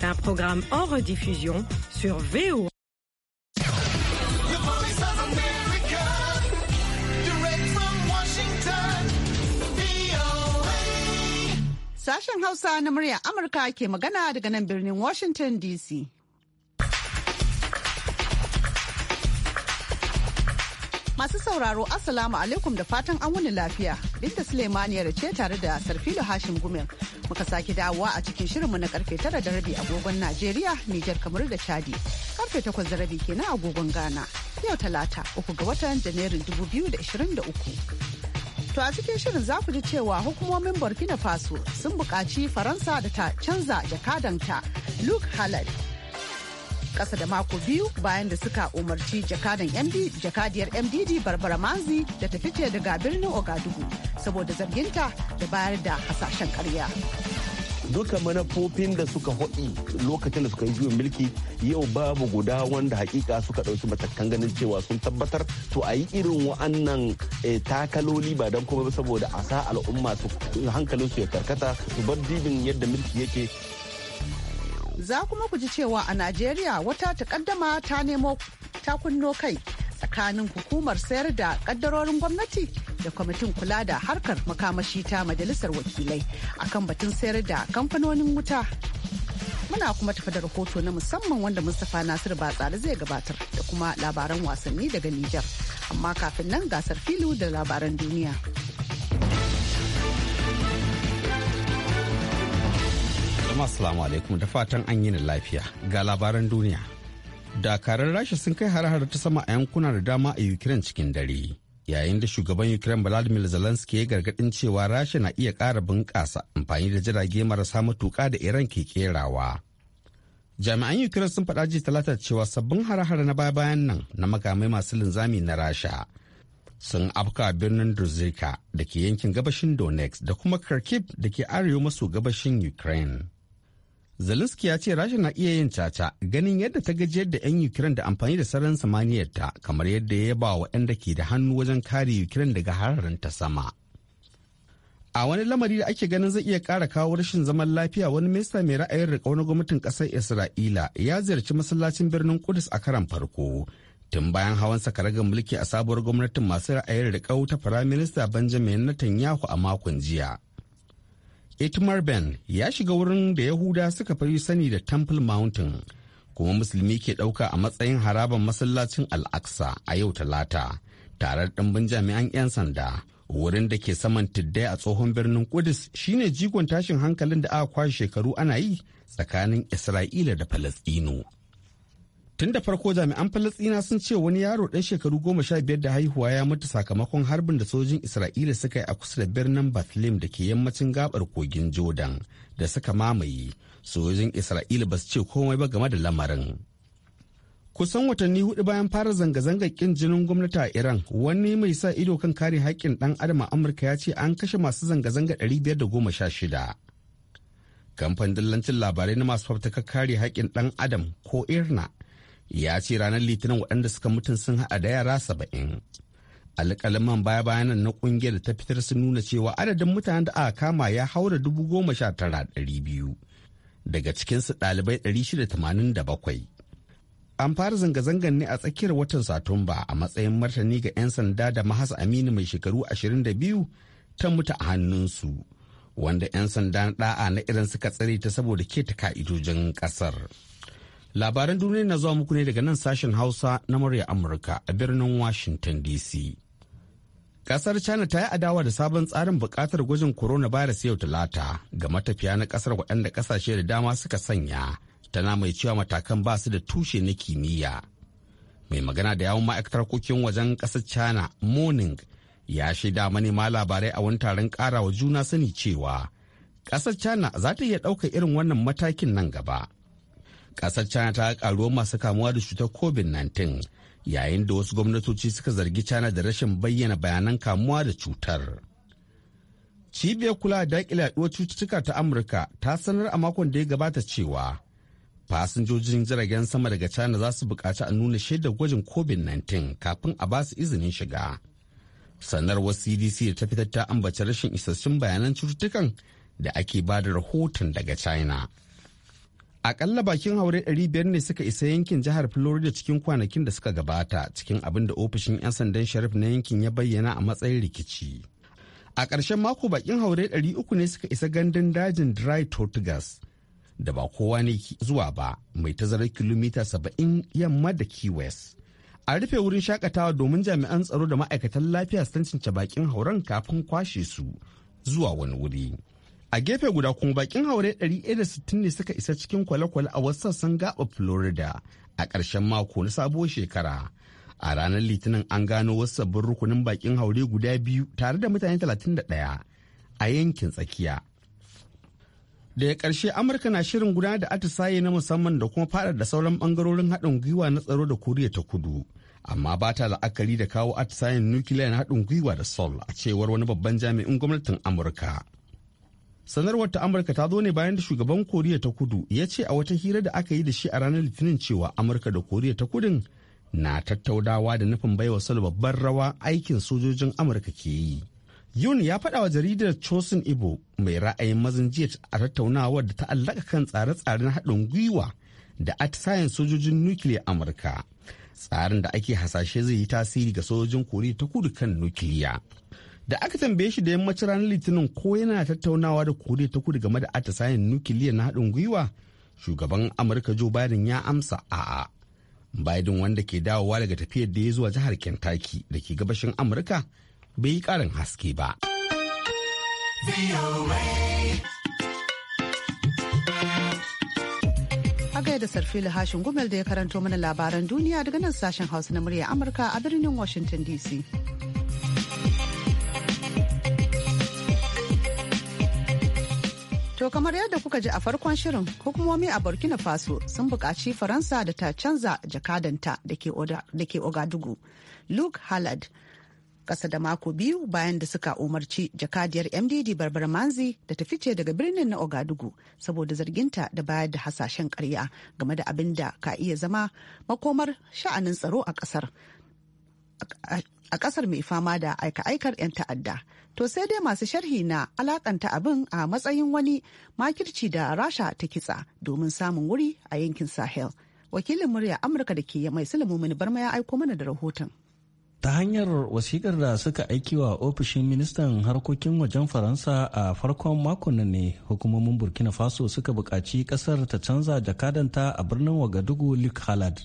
d'un programme en rediffusion sur VO. Sashen Hausa na murya Amurka ke magana daga nan birnin Washington DC. Masu sauraro Assalamu alaikum da fatan an wuni lafiya. Binta Suleimaniyar ce tare da Sarfilo Hashim Gumel. Muka sake dawowa a cikin shirinmu na karfe tara da rabi agogon Najeriya, Nijar kamar da Chadi. Karfe takwas da rabi kenan agogon Ghana. Yau talata uku ga watan Janairun uku. To a cikin shirin za ku ji cewa hukumomin Burkina Faso sun buƙaci Faransa da ta canza jakadanta Luke Halal kasa da mako biyu bayan da suka umarci jakadan md jakadiyar mdd barbara manzi da ta fice daga birnin ogadugu saboda zarginta da bayar da hasashen karya duka manafofin da suka haɗi lokacin da suka yi juyin mulki yau babu guda wanda hakika suka ɗauki matakan ganin cewa sun tabbatar to a yi irin wa'annan eh, takaloli ba don kuma saboda a sa al'umma su hankalinsu ya karkata su bar dibin yadda mulki yake Za kuma ku ji cewa a Najeriya wata takaddama ta nemo takunno kai tsakanin hukumar sayar da kaddarorin gwamnati da kwamitin kula da harkar makamashi ta majalisar wakilai akan batun sayar da kamfanonin wuta muna kuma tafi da rahoto na musamman wanda mustapha Nasiru ba tsari zai gabatar da kuma labaran wasanni daga nijar amma kafin nan gasar filu da labaran duniya. jama'a salamu alaikum da fatan an yi lafiya ga labaran duniya. Dakarar Rasha sun kai har-har ta sama a yankuna da dama a Ukraine cikin dare. Yayin da shugaban Ukraine Vladimir Zelensky ya gargadin cewa Rasha na iya ƙara bunƙasa amfani da jirage marasa matuƙa da Iran ke kerawa. Jami'an Ukraine sun faɗa ji talata cewa sabbin har-har na baya-bayan nan na makamai masu linzami na Rasha. sun afka birnin Druzhka da ke yankin gabashin Donetsk da kuma Kharkiv da ke arewa maso gabashin Ukraine. Zelensky ya ce Rasha na iya yin caca ganin yadda ta gajiyar da 'yan Ukraine da amfani da sararin samaniyarta kamar yadda ya ba wa 'yan da ke da hannu wajen kare Ukraine daga hararin ta sama. A wani lamari da ake ganin zai iya kara kawo rashin zaman lafiya wani minista mai ra'ayin riƙau na gwamnatin ƙasar Isra'ila ya ziyarci masallacin birnin Kudus a karan farko. Tun bayan hawan sakaragar mulki a sabuwar gwamnatin masu ra'ayin riƙau ta Firaminista Benjamin Netanyahu a makon jiya. Itmar Ben ya shiga wurin da Yahuda suka fi sani da Temple Mountain kuma musulmi ke ɗauka a matsayin harabar masallacin Al-Aqsa a yau talata tare da ɗimbin jami'an 'yan sanda wurin da ke saman tuddai a tsohon birnin Kudus shine jigon tashin hankalin da aka kwashe shekaru ana yi tsakanin Isra'ila da Falasɗinu. tun da farko jami'an falastina sun ce wani yaro ɗan shekaru goma sha biyar da haihuwa ya mutu sakamakon harbin da sojin isra'ila suka yi a kusa da birnin bethlehem da ke yammacin gabar kogin jordan da suka mamaye sojin isra'ila ba su ce komai ba game da lamarin kusan watanni hudu bayan fara zanga-zangar kin jinin gwamnati a iran wani mai sa ido kan kare haƙƙin ɗan adam a amurka ya ce an kashe masu zanga-zanga biyar da goma 516 kamfanin dillancin labarai na masu fafutukar kare haƙƙin ɗan adam ko irna ya ce ranar litinin waɗanda suka mutun sun haɗa da yara saba'in alƙaliman baya bayanan na ƙungiyar da ta fitar sun nuna cewa adadin mutanen da aka kama ya haura dubu goma sha tara ɗari biyu daga cikinsu ɗalibai ɗari shida tamanin da bakwai an fara zanga-zangar ne a tsakiyar watan satumba a matsayin martani ga 'yan sanda da mahasa aminu mai shekaru 22 ta mutu a hannunsu wanda 'yan sanda na ɗa'a na irin suka tsare ta saboda keta ka'idojin ƙasar. Labaran duniya na zuwa muku ne daga nan sashen Hausa na murya Amurka a birnin Washington DC. Kasar China ta yi adawa da sabon tsarin bukatar gwajin coronavirus yau talata ga matafiya na kasar waɗanda ƙasashe da dama suka sanya tana mai cewa matakan ba su da tushe na kimiyya. Mai magana da yawon ma'aikatar kokin wajen kasar China Morning ya shaida manema labarai a wani taron karawa juna sani cewa ƙasar China za ta iya ɗaukar irin wannan matakin nan gaba. kasar china ta karuwa masu kamuwa da cutar covid-19 yayin da wasu gwamnatoci suka zargi china da rashin bayyana bayanan kamuwa da cutar cibiyar kula da daƙile yaduwar cututtuka ta amurka ta sanar a makon da ya gabata cewa fasinjojin jiragen sama daga china za su buƙaci a nuna shaidar gwajin covid-19 kafin a basu izinin shiga sanarwar cdc da ta fitar ta ambaci rashin isassun bayanan cututtukan da ake ba da rahoton daga china Akalla bakin haure 500 ne suka isa yankin jihar Florida cikin kwanakin da suka gabata cikin abin da ofishin 'yan sandan sharif na yankin ya bayyana a matsayin rikici. A ƙarshen mako bakin haure 300 ne suka isa gandun dajin Dry Tortugas da ba kowa ne zuwa ba mai tazarar kilomita 70 yamma da Key West. A rufe wurin shakatawa domin jami'an tsaro da ma'aikatan lafiya sun cince bakin hauren kafin kwashe su zuwa wani wuri. a gefe guda kuma bakin haure 160 ne suka isa cikin kwale-kwale a wasu sassan gaba florida a ƙarshen mako na sabuwar shekara a ranar litinin an gano wasu sabbin rukunin bakin haure guda biyu tare da mutane 31 a yankin tsakiya daga ƙarshe amurka na shirin gudanar da atisaye na musamman da kuma fada da sauran bangarorin haɗin gwiwa na tsaro da koriya ta kudu amma ba ta la'akari da kawo atisayen nukiliya na haɗin gwiwa da sol a cewar wani babban jami'in gwamnatin amurka sanarwar ta amurka ta zo ne bayan da shugaban koriya ta kudu ya ce a wata hira da aka yi da shi a ranar litinin cewa amurka da koriya ta kudu na tattaunawa da nufin baiwa sal babbar rawa aikin sojojin amurka ke yi yun ya faɗa wa jaridar chosin ibo mai ra'ayin mazin jiya a tattaunawar da ta allaka kan tsare-tsaren haɗin gwiwa da atisayen sojojin nukiliya amurka tsarin da ake hasashe zai yi tasiri ga sojojin koriya ta kudu kan nukiliya da aka tambaye shi da yammacin ranar litinin ko yana tattaunawa da koriya ta kudu game da atisayen nukiliya na haɗin gwiwa shugaban amurka joe biden ya amsa a'a biden wanda ke dawowa daga tafiyar da ya zuwa jihar kentucky da ke gabashin amurka bai yi karin haske ba Agai da sarfili hashin gumel da ya karanto mana labaran duniya daga nan sashen hausa na murya amurka a birnin washington dc To kamar yadda kuka ji a farkon shirin hukumomi a Burkina Faso sun buƙaci Faransa da ta canza jakadanta da ke Ogadugu, Luke Halad. Ƙasa da mako biyu bayan da suka umarci jakadiyar MDD barbara Manzi da ta fice daga birnin na Ogadugu saboda zarginta da bayar da hasashen karya game da abin da ka iya zama makomar sha'anin tsaro a ƙasar. A ƙasar mai fama da aika-aikar 'yan ta'adda. To sai dai masu sharhi na alakanta abin a matsayin wani makirci da rasha ta kitsa domin samun wuri a yankin Sahel. Wakilin murya Amurka da ke mai Sulemu Barma ya aiko mana da rahoton. ta hanyar wasikar da suka aiki wa ofishin ministan harkokin wajen faransa a farkon makon nan ne hukumomin burkina faso suka bukaci ƙasar ta canza jakadanta a birnin wagadugu luke halad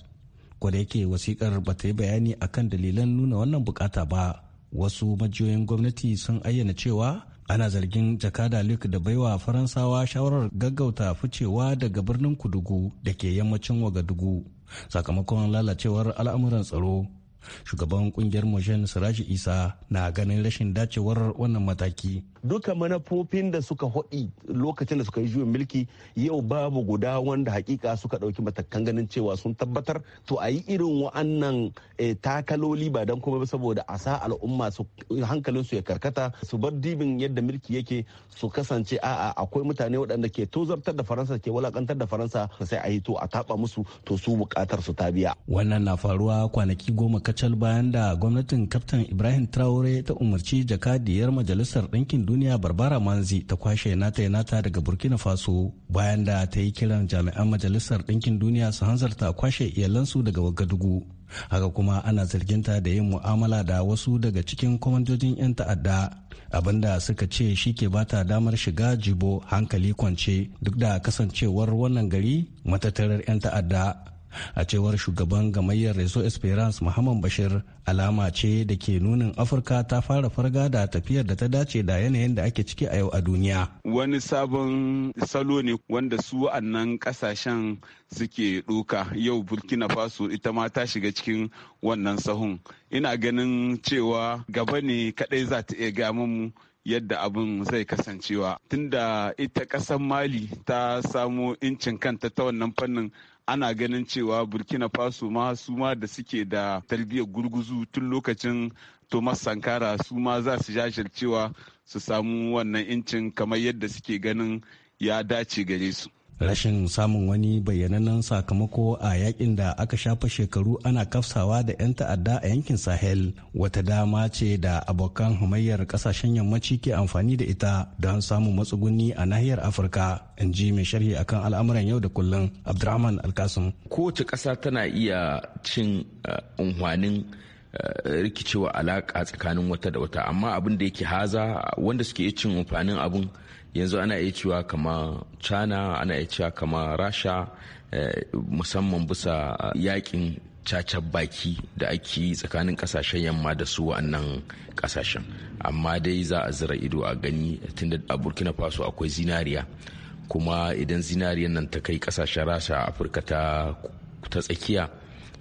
yake wasikar ba ta yi bayani akan dalilan nuna wannan bukata ba wasu majiyoyin gwamnati sun ayyana cewa ana zargin jakada luke da baiwa faransawa shawarar gaggauta ficewa daga birnin kudugu da ke yammacin wagadugu sakamakon lalacewar al'amuran tsaro shugaban kungiyar motion sirashi isa na ganin rashin dacewar wannan mataki duka manufofin da suka hodi lokacin da suka yi juyin mulki yau babu guda wanda hakika suka ɗauki matakan ganin cewa sun tabbatar to a yi irin wa'annan eh, takaloli ba don kuma saboda a sa al'umma su hankalin ya karkata su bar dibin yadda mulki yake su kasance a'a akwai mutane waɗanda ke tozartar da faransa ke walakantar da faransa sai a yi to a taɓa musu to su bukatar su ta biya wannan na faruwa kwanaki goma kacal bayan da gwamnatin kaftan ibrahim traore ta umarci jakadiyar majalisar ɗinkin duniya barbara manzi ta kwashe nata nata daga burkina faso bayan da ta yi kiran jami'an majalisar ɗinkin duniya su hanzarta kwashe iyalansu daga wagadugu haka kuma ana zarginta da yin mu'amala da wasu daga cikin kwamandojin 'yan ta'adda abinda suka ce shi ke bata damar shiga jibo hankali kwance duk da kasancewar wannan gari matattarar 'yan ta'adda a cewar shugaban gamayyar reso esperance muhammad bashir alama ce da ke nunin afirka ta fara farga da tafiyar da ta dace da yanayin da ake ciki a yau a duniya wani sabon salo ne wanda su annan kasashen suke doka yau burkina faso ita ma ta shiga cikin wannan sahun ina ganin cewa gaba ne kadai za ta iya ga mu yadda abin zai kasancewa tunda ita kasan mali ta samo incin kanta ta wannan fannin ana ganin cewa burkina faso ma su ma da suke da tarbiyyar gurguzu tun lokacin thomas sankara su ma za su jajircewa su samu wannan incin kamar yadda suke ganin ya dace gare su rashin samun wani bayyanannen sakamako a yakin da aka shafa shekaru ana kafsawa da 'yan ta'adda a yankin sahel wata dama ce da abokan hamayyar kasashen yammaci ke amfani da ita don samun matsuguni a nahiyar afirka in ji mai sharhi akan al'amuran yau da kullum abdurrahman alkasum kowace ƙasa tana iya cin uh, unhwanin uh, rikicewa alaƙa tsakanin wata da wata amma abin da yake haza wanda suke cin amfanin abin yanzu ana iya cewa kama china ana iya cewa kama rasha eh, musamman bisa eh, yakin caca baki da ake yi tsakanin kasashen yamma da su wa'annan kasashen amma dai za a zira ido a gani tunda a burkina faso akwai zinariya kuma idan zinariyan nan ta kai kasashen rasha afirka ta tsakiya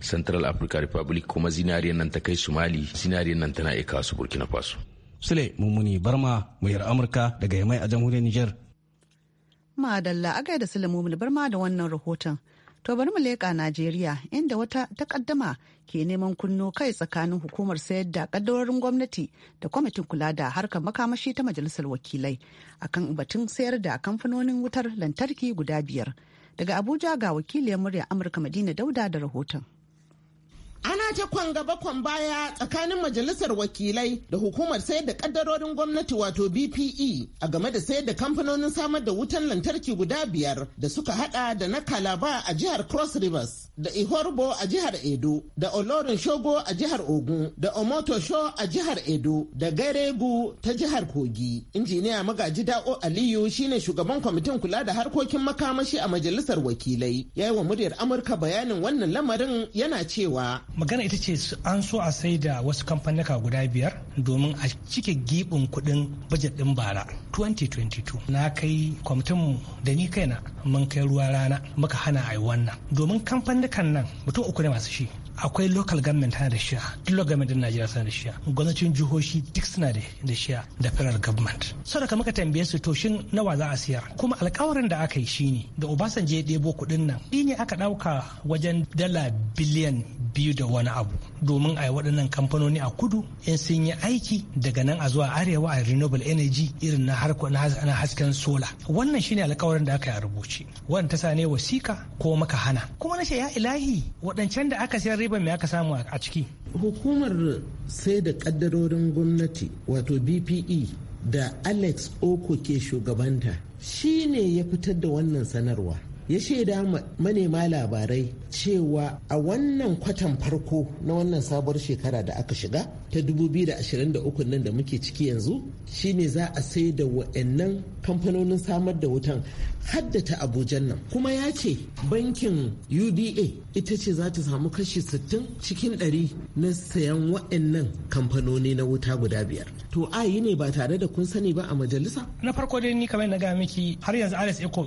central africa republic kuma zinariyan nan ta kai somali zinariyan nan tana iya su burkina faso Sule Mummuni Barma, muryar Amurka daga Yamai a jamhuriyar Nijar. Madalla a gaida Sule Mummuni Barma da wannan rahoton. To bari mu leƙa Najeriya inda wata takaddama ke neman kunno kai tsakanin hukumar sayar da kaddarorin gwamnati da kwamitin kula da harkar makamashi ta majalisar wakilai akan batun sayar da kamfanonin wutar lantarki guda biyar. Daga Abuja ga wakiliyar murya Amurka Madina Dauda da rahoton. ana ta kwan gaba kwan baya tsakanin majalisar wakilai da hukumar sayar da kaddarorin gwamnati wato bpe a game da sayar da kamfanonin samar da wutan lantarki guda biyar da suka hada da na kalaba a jihar cross rivers da ihorbo a jihar edo da olorin shogo a jihar ogun da omotosho a jihar edo da garegu ta jihar kogi injiniya magaji da'o aliyu shine shugaban kwamitin kula da harkokin makamashi a majalisar wakilai ya yi wa muryar amurka bayanin wannan lamarin yana cewa magana ita ce an so a sai da wasu kamfanika guda biyar domin a cike gibin kudin bajet din bara 2022 na kai kwamitin da ni kaina mun kai ruwa rana muka hana a yi wannan domin kamfanikan nan mutum uku ne masu shi akwai local government tana da shiya duk local government din Najeriya tana da shiya gwamnatin jihohi duk suna da shiya da federal government so da ka tambaye su to shin nawa za a siyar kuma alkawarin da aka yi shine da Obasanjo ya debo kuɗin nan ne aka ɗauka wajen dala biliyan biyu da wani abu domin a yi waɗannan kamfanoni a kudu in sun yi aiki daga nan a zuwa arewa a renewable energy irin na harko na hasken sola wannan shine alkawarin da aka yi a rubuce wannan ta sa ne wasika ko maka hana kuma na ce ya ilahi waɗancan da aka sayar ribar me aka samu a ciki hukumar sai da kaddarorin gwamnati wato bpe da alex oko ke shugabanta shi ne ya fitar da wannan sanarwa ya shaida manema labarai cewa a wannan kwatan farko na wannan sabuwar shekara da aka shiga ta 2023 nan da muke ciki yanzu shine za a sai da wa'annan kamfanonin samar da wutan haddata abujan nan kuma ya ce bankin uba ita ce za ta samu kashi 60 cikin 100 na sayan wa'annan kamfanoni na wuta guda biyar to a yi ne ba tare da kun sani ba a majalisa na farko dai ni kamar na gaya miki har yanzu alex eko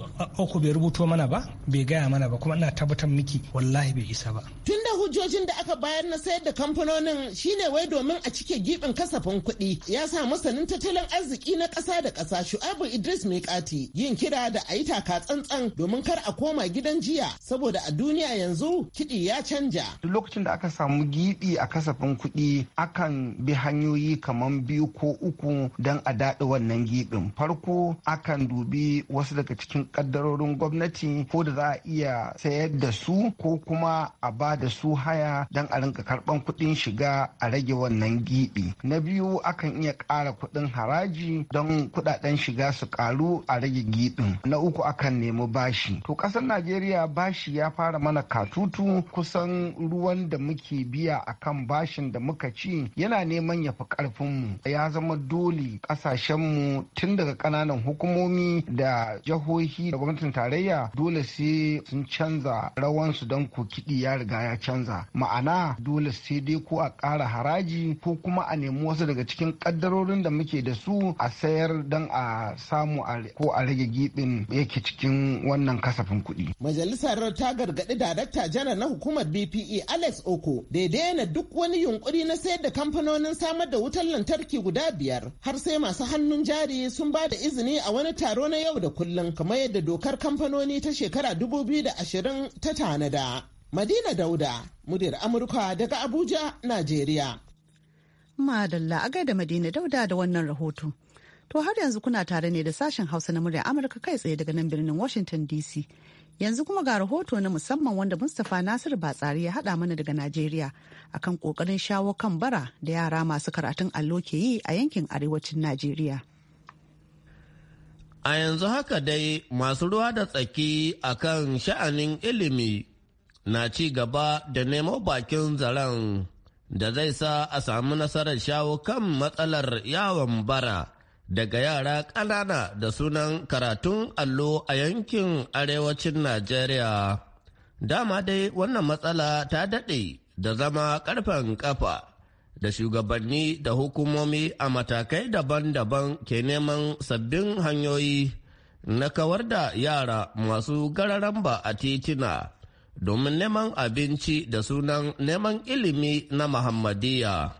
bai rubuto mana ba bai gaya mana ba kuma ina tabbatar miki wallahi bai isa ba Tunda hujjojin da aka bayar na sayar da kamfanonin shine wai domin a cike gibin kasafin kuɗi ya sa masanin tattalin arziki na ƙasa da ƙasa shu'abu idris mai mekati yin kira da a yi taka tsantsan domin kar a koma gidan jiya saboda a duniya yanzu kiɗi ya canja duk lokacin da aka samu gibi a kasafin kuɗi akan bi hanyoyi kamar biyu ko uku don a daɗi wannan gibin farko akan dubi wasu daga cikin ƙaddarorin gwamnati ko da za a iya sayar da su ko kuma a ba da su haya don a rinka karɓan kuɗin shiga a rage wannan wannan gibi na biyu akan iya ƙara kuɗin haraji don kuɗaɗen shiga su ƙaru a rage gibin na uku akan nemi bashi to ƙasar najeriya bashi ya fara mana katutu kusan ruwan da muke biya akan bashin da muka ci yana neman ya fi ƙarfinmu ya zama dole ƙasashenmu tun daga ƙananan hukumomi da jihohi da gwamnatin tarayya dole sai sun canza rawansu don ku kiɗi ya riga ya canza ma'ana dole sai dai ko a ƙara haraji ko kuma a nemi wasu daga cikin kaddarorin da muke da su a sayar don a samu ko a rage gibin yake cikin wannan kasafin kuɗi. Majalisar ta gargaɗi darakta janar na hukumar BPE Alex Oko daidai na duk wani yunkuri na sayar da kamfanonin samar da wutar lantarki guda biyar har sai masu hannun jari sun ba da izini a wani taro na yau da kullum kamar yadda dokar kamfanoni ta shekara dubu biyu da ashirin ta tanada. Madina Dauda, mudir Amurka daga Abuja, Najeriya. Madalla a gaida Madina Dauda da wannan rahoto To har yanzu kuna tare ne da sashen Hausa na murya Amurka kai tsaye daga nan birnin Washington DC. Yanzu kuma ga rahoto na musamman wanda Mustapha Nasir Batsari ya haɗa mana daga Najeriya akan ƙoƙarin shawo kan bara da yara masu karatun allo ke yi a yankin arewacin Najeriya. A yanzu haka dai masu ruwa da tsaki akan sha'anin ilimi na ci gaba da nemo bakin zaren. da zai sa a samu nasarar shawo kan matsalar yawon bara daga yara ƙanana da sunan karatun allo a yankin arewacin Najeriya. Dama dai wannan matsala ta daɗe da zama ƙarfen ƙafa da shugabanni da hukumomi a matakai daban-daban ke neman sabbin hanyoyi na kawar da yara masu gararan ba a titina domin neman abinci da sunan neman ilimi na Muhammadiyya.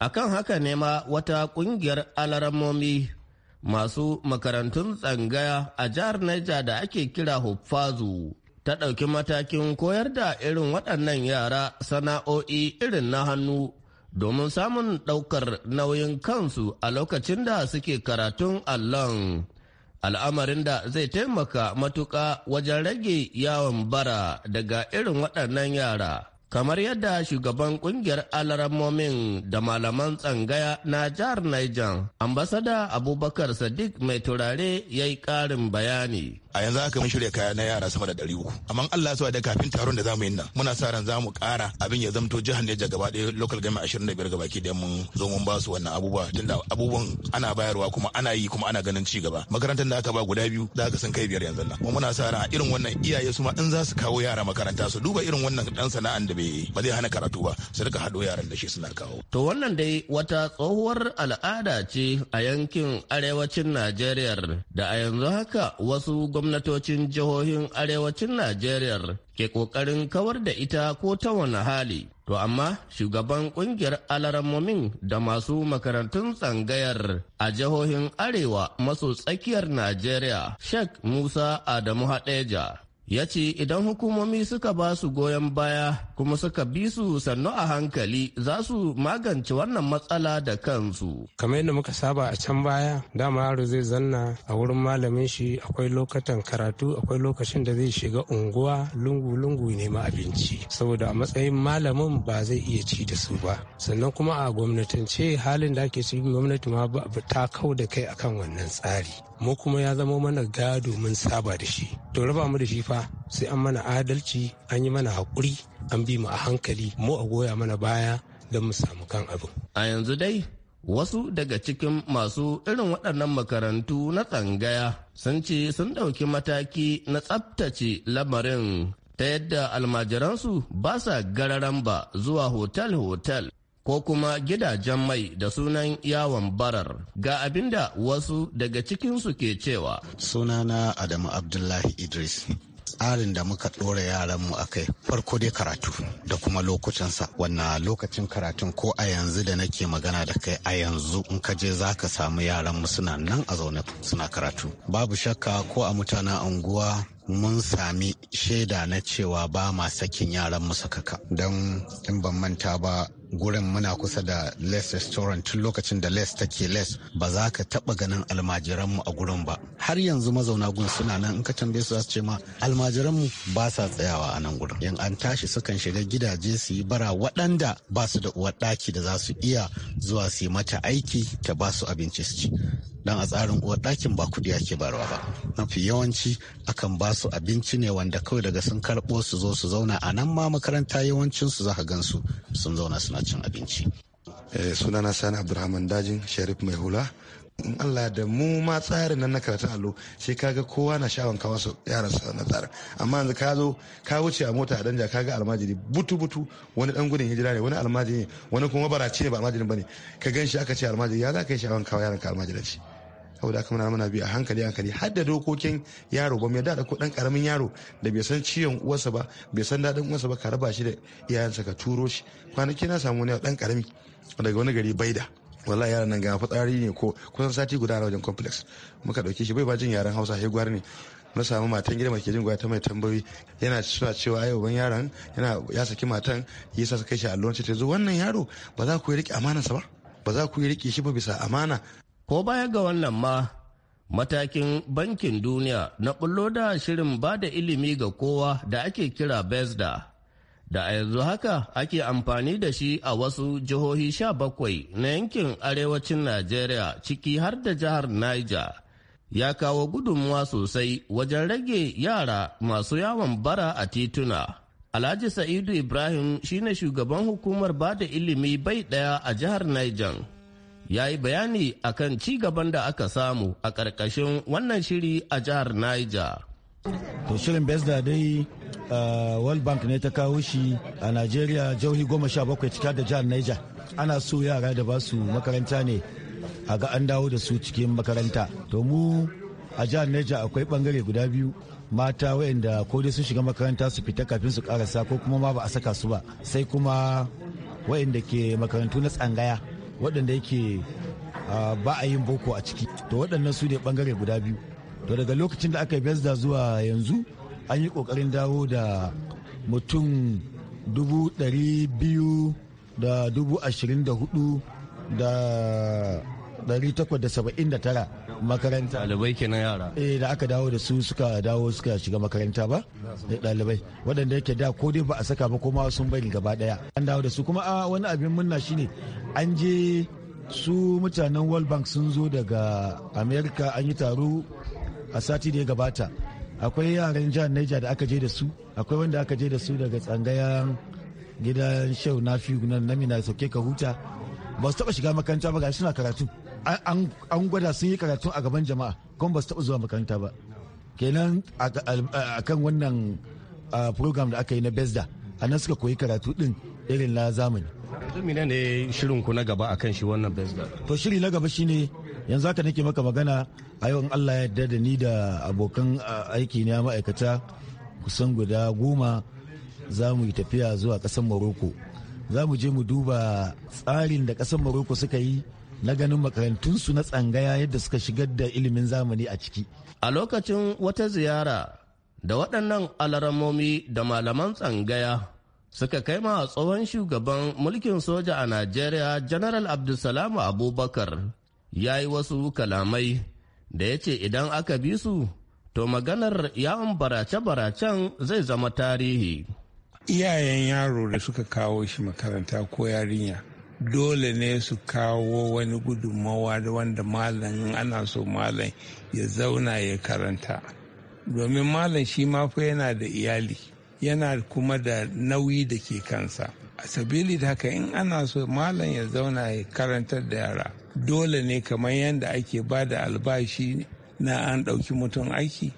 Akan haka nema wata ƙungiyar alaramomi masu makarantun tsangaya a jihar Niger da ake kira Huffazu ta ɗauki matakin koyar da irin waɗannan yara sana'o'i irin na hannu domin samun ɗaukar nauyin kansu a lokacin da suke karatun allon. al'amarin da zai taimaka matuƙa wajen rage yawon bara daga irin waɗannan yara kamar yadda shugaban ƙungiyar alaramomin da malaman tsangaya na jihar Niger ambasada abubakar sadiq mai turare ya yi ƙarin bayani a yanzu haka mun shirya kaya na yara sama da ɗari uku amma Allah ya da kafin taron da zamu yi nan muna sa ran zamu ƙara abin ya zamto jihar Neja gaba ɗaya local game ashirin da biyar gaba ki mun zo mun ba su wannan abubuwa tunda abubuwan ana bayarwa kuma ana yi kuma ana ganin ci gaba makarantar da aka ba guda biyu za ka san kai biyar yanzu nan muna sa ran irin wannan iyaye su ma in za su kawo yara makaranta su duba irin wannan dan sana'an da bai ba zai hana karatu ba su rika haɗo yaran da shi suna kawo to wannan dai wata tsohuwar al'ada ce a yankin arewacin Najeriya da a yanzu haka wasu gwamnati gwamnatocin jihohin arewacin Najeriya ke ƙoƙarin kawar da ita ko ta wani hali. To amma shugaban ƙungiyar alaramomin da masu makarantun tsangayar a jihohin Arewa maso tsakiyar Najeriya, Sheikh Musa Adamu Hadeja ya ce idan hukumomi suka ba su goyon baya kuma suka bi su sannu a hankali za su magance wannan matsala da kansu. kamar yadda muka saba a can baya dama yaro zai zanna a wurin malamin shi akwai lokatan karatu akwai lokacin da zai shiga unguwa lungu-lungu nema abinci saboda a matsayin malamin ba zai iya ci da su ba sannan kuma a gwamnatance halin da ake ciki gwamnati ma ta kau da kai akan wannan tsari mu kuma ya zama mana gado mun saba da shi to raba mu da shi fa sai an mana adalci an yi mana haƙuri an bi mu a hankali mu a goya mana baya don mu samu kan abin a yanzu dai wasu daga cikin masu irin waɗannan makarantu na tsangaya sun ce sun ɗauki mataki na tsaftace lamarin ta yadda almajiransu ba sa gararan ba zuwa hotel-hotel ko kuma gidajen mai da sunan yawon barar ga abinda wasu daga cikinsu ke cewa sunana adamu abdullahi idris tsarin da muka ɗora yaranmu a kai farko dai karatu da kuma lokacinsa, wannan lokacin karatun ko a yanzu da nake magana da kai a yanzu in ka je za ka samu yaranmu suna nan a zaune suna karatu babu shakka ko a mutanen unguwa mun sami shaida na cewa ba ma sakin yaran mu sakaka don in ban manta ba gurin muna kusa da les restaurant tun lokacin da les take les ba za ka taba ganin almajiranmu a gurin ba har yanzu mazauna gun suna nan in ka tambaye su za su ce ma almajiranmu ba sa tsayawa a nan gurin yan an tashi sukan shiga gidaje su yi bara waɗanda ba su da uwar da za su iya zuwa su yi mata aiki ta ba su abinci su ci dan a tsarin uwar ɗakin ba kuɗi ake barwa ba mafi yawanci akan ba su abinci ne wanda kawai daga sun karɓo su zo su zauna a nan ma makaranta yawancin su za ka gan su sun zauna suna suna cin abinci eh, sunana sani abdulrahman dajin sharif mai hula in Allah da mu ma tsarin nan na karatun allo sai kaga kowa na sha'awan kawo su yaran su na tsarin amma yanzu ka zo ka wuce a mota a danja kaga almajiri butu butu wani dan gudun hijira ne wani almajiri wani kuma barace ne ba almajiri bane ka gan shi aka ce almajiri ya za ka yi sha'awan kawo yaran ka almajiri ce saboda haka muna muna bi a hankali hankali har da dokokin yaro ba mai da ko dan karamin yaro da bai san ciwon uwarsa ba bai san dadin uwarsa ba ka raba shi da iyayensa ka turo shi kwanaki na samu wani dan karami daga wani gari baida wallahi yaran nan ga fitsari ne ko kusan sati guda a wajen complex muka dauke shi bai ba jin yaran hausa sai gwar ne na samu matan gida ke jin gwaya ta mai tambayoyi yana suna cewa ayo ban yaron yana ya saki matan yasa sa kai shi allon ce ta zo wannan yaro ba za ku yi rike amanarsa ba ba za ku yi rike shi ba bisa amana Ko baya ga wannan ma, matakin bankin duniya na bullo da shirin ba da ilimi ga kowa da ake kira BESDA. Da a yanzu haka ake amfani da shi a wasu jihohi sha bakwai na yankin arewacin Najeriya ciki har da jihar Niger. Ya kawo gudunmuwa sosai wajen rage yara masu yawon bara a tituna. Alhaji Sa'idu Ibrahim shine shugaban hukumar ba da ilimi bai ɗaya a jihar Niger. ya yi bayani akan ci gaban da aka samu a ƙarƙashin wannan shiri a jihar Niger. To shirin Besda dai uh, World Bank ne ta kawo shi a Najeriya jauhi goma sha bakwai cika da jihar Niger. Ana so yara da ba su makaranta ne a ga an dawo da su cikin makaranta. To mu a jihar Niger akwai bangare guda biyu mata waɗanda ko dai sun shiga makaranta su fita kafin su karasa ko kuma ma ba a saka su ba sai kuma waɗanda ke makarantu na tsangaya waɗanda yake ba a yin boko a ciki to waɗannan su ne ɓangare guda biyu to daga lokacin da aka yi bezda zuwa yanzu an yi ƙoƙarin dawo da mutum dubu ɗari biyu da dubu ashirin da hudu da ɗari takwas da saba'in da tara makaranta ɗalibai kenan yara eh da aka dawo da su suka dawo suka shiga makaranta ba da ɗalibai waɗanda yake da ko dai ba a saka ba kuma sun bari gaba ɗaya an dawo da su kuma a wani abin murna shine an je su mutanen world bank sun zo daga america an yi taro a sati da ya gabata akwai yaran jihar niger da aka je da su akwai wanda aka je da su daga tsangayen gidan shehu na fi na namina sauke ka huta ba su taba shiga makaranta ba ga suna karatu an gwada sun yi karatu a gaban jama'a kuma ba su taba zuwa makaranta ba kenan a kan wannan program da aka yi na besda a nan suka koyi karatu din irin na zamani yanzu ne shirin ku na gaba a kan shi wannan besda to shiri na gaba shine yanzu haka nake maka magana a yau Allah ya yarda da ni da abokan aiki na ma'aikata kusan guda goma za mu yi tafiya zuwa ƙasar Morocco za mu je mu duba tsarin da ƙasar Morocco suka yi na ganin makarantunsu na tsangaya yadda suka shigar da ilimin zamani a ciki. A lokacin wata ziyara da waɗannan alaramomi da malaman tsangaya suka kai ma tsohon shugaban mulkin soja a Najeriya General Abdulsalam Abubakar ya yi wasu kalamai da ya ce idan aka bi su to maganar yawon barace-baracen zai zama tarihi. Iyayen yaro da suka kawo shi makaranta ko yarinya. dole ne su kawo wani gudunmawa wanda malam ana so malam ya zauna ya karanta domin malam shi ma fa yana da iyali yana kuma da nauyi da ke kansa a sabili da haka in ana so malam ya zauna ya karantar da yara dole ne kamar yadda ake ba da albashi na an ɗauki mutum aiki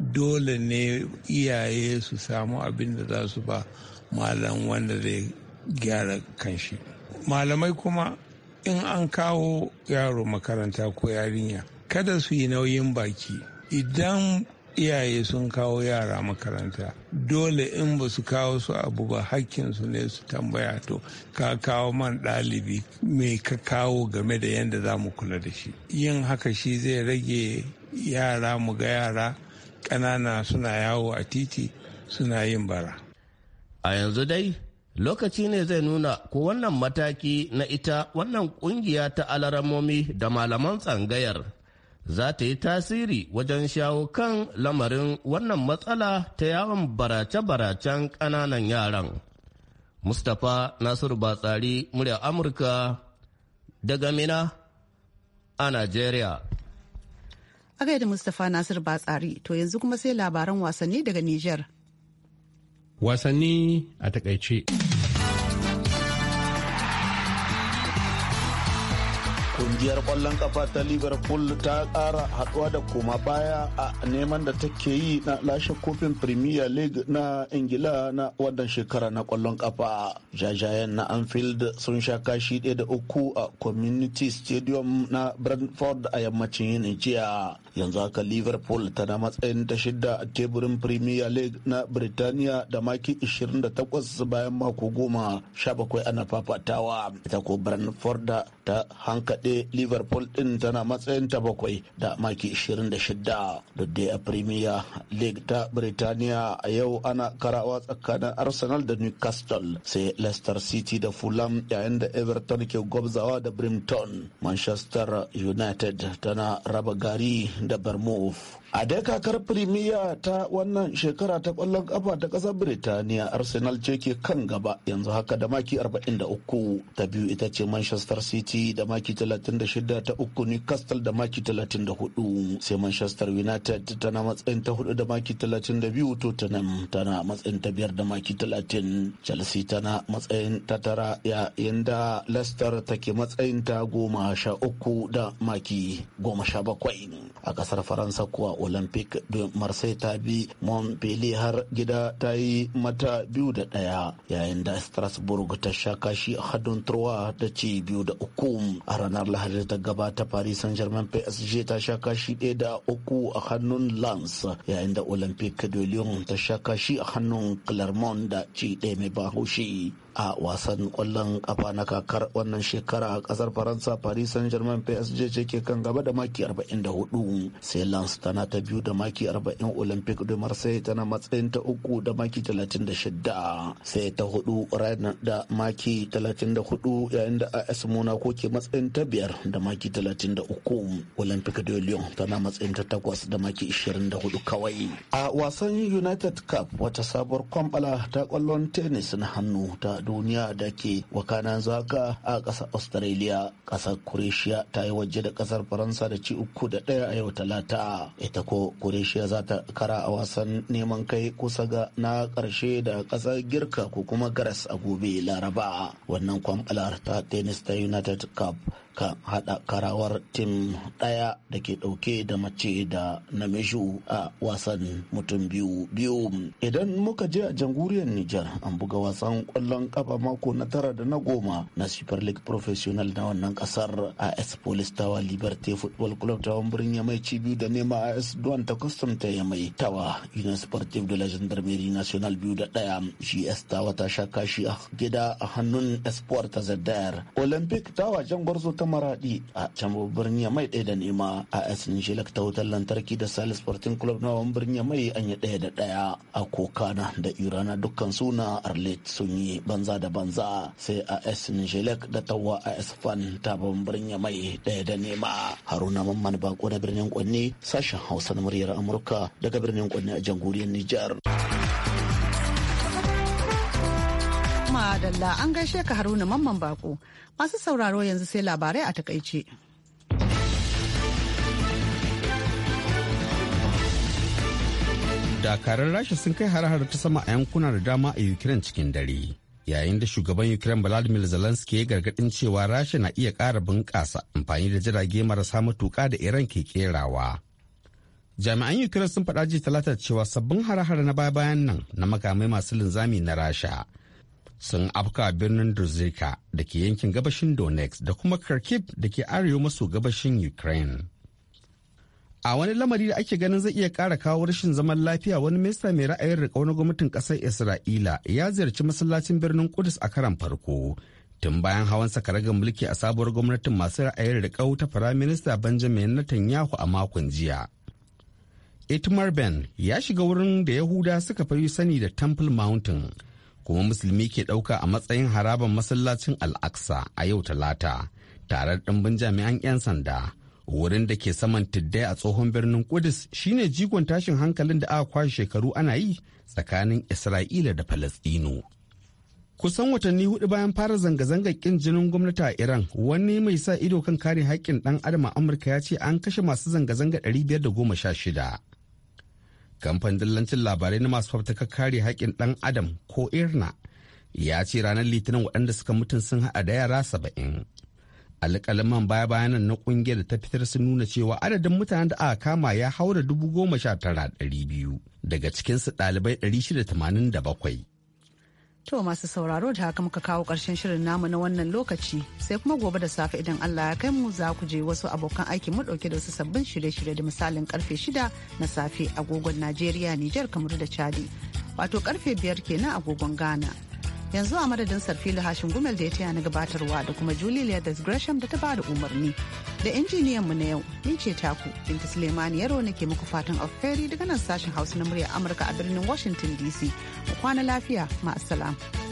dole ne iyaye su samu abin da za su ba malam wanda zai gyara kanshi malamai kuma in an kawo yaro makaranta ko yarinya kada su yi nauyin baki idan iyaye sun kawo yara makaranta dole in ba su kawo su abu ba hakkinsu ne su tambaya to ka kawo man ɗalibi mai ka kawo game da yadda za mu kula da shi yin haka shi zai rage yara mu ga yara ƙanana suna yawo a titi suna yin bara a yanzu dai lokaci ne zai nuna ko wannan mataki na ita wannan kungiya ta alaramomi da malaman tsangayar za ta yi tasiri wajen shawo kan lamarin wannan matsala ta yawon barace-baracen ƙananan yaran. Mustapha Nasiru Batsari murya Amurka daga Mina a Najeriya. A gaida Mustapha Nasiru Batsari to yanzu kuma sai labaran wasanni daga Nijar. Wasanni a takaice. kungiyar kwallon kafa ta Liverpool ta kara haɗuwa da koma baya a neman da take yi na lashe kofin Premier League na Ingila na wannan shekara na kwallon kafa Jajayen na Anfield sun sha kashi ɗaya da uku a Community Stadium na Brentford a yammacin yin jiya. Yanzu haka Liverpool tana matsayin ta shida a teburin Premier League na Birtaniya da maki 28 bayan mako goma 17 ana fafatawa. Ita ko Brentford ta hankaɗe liverpool din tana matsayin ta bakwai da maki 26 duk dai a premier league ta Britaniya. a yau ana karawa tsakanin arsenal da newcastle sai leicester city da fulham yayin da everton ke gwabzawa da brimton manchester united tana raba gari da bournemouth a dai kakar firimiya ta wannan shekara ta kwallon kafa ta kasar Britaniya, arsenal ce ke kan gaba yanzu haka da maki 43 ta biyu ita ce manchester city da maki 36 ta uku kastal da maki 34 sai Manchester United tana matsayin ta hudu da maki 32 Tottenham tana matsayin ta biyar da maki 30 Chelsea tana matsayin ta tara ya yanda Leicester take matsayin ta goma sha uku da maki goma sha bakwai a kasar Faransa kuwa Olympic de Marseille ta bi Montpellier har gida ta yi mata biyu da ɗaya yayin da Strasbourg ta sha kashi hadon Troyes da ci biyu da uku a ranar Lahadi da ta gabata paris saint germain psg ta sha kashi ɗaya da uku a hannun lens yayin da olympique de lyon ta sha kashi a hannun clermont da ci ɗaya mai bahaushe a wasan kwallon kafa na kakar wannan shekara a kasar faransa paris saint germain psg ce ke kan gaba da maki 44 sai lens tana ta biyu da maki 40 olympic de marseille tana matsayin ta uku da maki 36 sai ta hudu rana da maki 34 yayin da as monaco ke matsayin ta biyar da maki 33 olympic de lyon tana matsayin ta takwas da maki 24 kawai a wasan united cup wata sabuwar kwambala ta kwallon tennis na hannu ta duniya da ke wakana zaka a ƙasar australia ƙasar croatia ta yi waje da ƙasar faransa da ci uku da ɗaya a yau talata ita ko croatia za ta kara a wasan neman kai kusa ga na ƙarshe da ƙasar girka ko kuma garas a gobe laraba wannan kwamfalar ta tennis ta united cup kan hada karawar tim daya da ke dauke da mace da meju a wasan mutum biyu biyu idan muka je a jamhuriyar nijar an buga wasan kwallon kafa mako na tara da na goma na super league professional na wannan kasar as police tawa liberty football club ta birnin ya mai ci biyu da nema as duwan ta custom ta ya mai tawa union sportive de la gendarmerie national biyu da daya gs tawa ta sha kashi a gida a hannun sport ta zaddayar olympic tawa wajen gwarzo ta maradi a can birnin ya mai daya da nema as nishilak ta wutar lantarki da salis sporting club na wani ya mai an yi daya da daya a kokana da irana dukkan suna arlet sun yi ban banza da banza sai as nijilek da tawa as fan ta birnin mai daya da nema haruna mamman bako na birnin kwanne sashen hausa na muryar amurka daga birnin kwanne a jamhuriyar nijar madalla an gaishe ka haruna mamman bako masu sauraro yanzu sai labarai a takaice dakarar rasha sun kai har-har ta sama a yankuna da dama a ukraine cikin dare yayin da shugaban ukraine vladimir zelensky ya gargadin cewa rasha na iya ƙara bunƙasa amfani da jirage marasa matuƙa da iran ke kerawa jami'an ukraine sun faɗa ji talata cewa sabbin hare-hare na baya-bayan nan na makamai masu linzami na rasha sun afka birnin dozirka da ke yankin gabashin donetsk da kuma kharkiv da ke arewa maso gabashin ukraine a wani lamari da ake ganin zai iya kara kawo rashin zaman lafiya wani minista mai ra'ayin riƙa wani gwamnatin ƙasar isra'ila ya ziyarci masallacin birnin kudus a karan farko tun bayan hawan sakaragar mulki a sabuwar gwamnatin masu ra'ayin riƙa ta firaminista benjamin netanyahu a makon jiya itmar ben ya shiga wurin da yahuda suka fi sani da temple mountain kuma musulmi ke ɗauka a matsayin harabar masallacin al'aksa a yau talata tare da ɗimbin jami'an 'yan sanda wurin da ke saman Tiddai a tsohon birnin kudus shine jigon tashin hankalin da aka kwashe shekaru ana yi tsakanin isra'ila da falastino kusan watanni hudu bayan fara zanga-zangar kin jinin gwamnati a iran wani mai sa ido kan kare haƙƙin ɗan adam a amurka ya ce an kashe masu zanga-zanga biyar da goma 516 kamfanin dillancin labarai na masu fafutukar kare haƙƙin ɗan adam ko irna ya ce ranar litinin waɗanda suka mutum sun haɗa da yara saba'in alƙalaman baya bayanan na ƙungiyar ta fitar sun nuna cewa adadin mutanen da aka kama ya haura dubu goma sha tara ɗari biyu daga cikinsu ɗalibai ɗari shida tamanin da bakwai. To masu sauraro da haka muka kawo ƙarshen shirin namu na wannan lokaci sai kuma gobe da safe idan Allah ya kai mu za ku je wasu abokan aiki mu ɗauke da wasu sabbin shirye-shirye da misalin karfe shida na safe agogon Najeriya, Nijar, kamar da Chadi. Wato karfe biyar kenan agogon Ghana. yanzu a madadin sarfili hashin gumel da ya taya na gabatarwa da kuma julia da gresham da ta ba da umarni da injiniyan mu na yau ni ce taku binta suleiman yaro ke muku fatan alheri daga nan sashen hausa na murya amurka a birnin washington dc mu kwana lafiya ma'asalam.